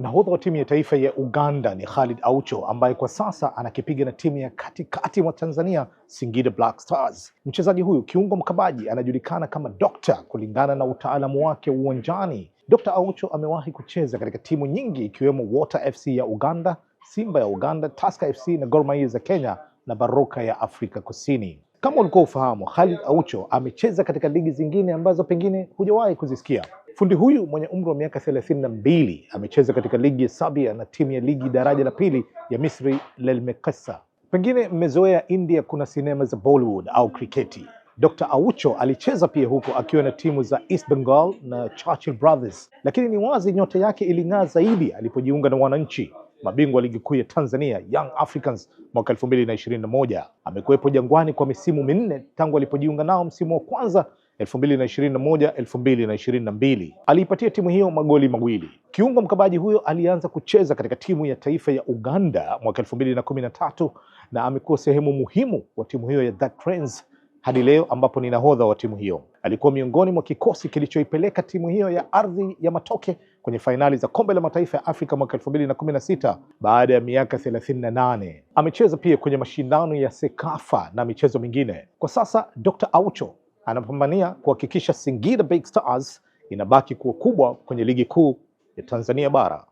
Nahodha wa timu ya taifa ya Uganda ni Khalid Aucho ambaye kwa sasa anakipiga na timu ya katikati mwa Tanzania Singida Black Stars. Mchezaji huyu kiungo mkabaji anajulikana kama Dokta kulingana na utaalamu wake uwanjani. Dokta Aucho amewahi kucheza katika timu nyingi ikiwemo Water FC ya Uganda, Simba ya Uganda, Tusker FC na Gor Mahia za Kenya na Baroka ya Afrika Kusini. Kama ulikuwa ufahamu, Khalid Aucho amecheza katika ligi zingine ambazo pengine hujawahi kuzisikia. Fundi huyu mwenye umri wa miaka thelathini na mbili amecheza katika ligi ya Sabia na timu ya ligi daraja la pili ya Misri Lelmekasa. Pengine mmezoea India kuna sinema za Bollywood au kriketi. Dr. Aucho alicheza pia huko akiwa na timu za East Bengal na Churchill Brothers, lakini ni wazi nyota yake iling'aa zaidi alipojiunga na Wananchi, mabingwa wa ligi kuu ya Tanzania Young Africans mwaka 2021. Amekuwepo Jangwani kwa misimu minne tangu alipojiunga nao msimu wa kwanza 2021 2022. Aliipatia timu hiyo magoli mawili. Kiungo mkabaji huyo alianza kucheza katika timu ya taifa ya Uganda mwaka 2013 na amekuwa sehemu muhimu wa timu hiyo ya The Cranes hadi leo ambapo ni nahodha wa timu hiyo. Alikuwa miongoni mwa kikosi kilichoipeleka timu hiyo ya ardhi ya matoke kwenye fainali za kombe la mataifa ya Afrika mwaka 2016 baada ya miaka 38. Amecheza pia kwenye mashindano ya Sekafa na michezo mingine. Kwa sasa Dr. Aucho anapambania kuhakikisha Singida Big Stars inabaki kuwa kubwa kwenye ligi kuu ya Tanzania bara.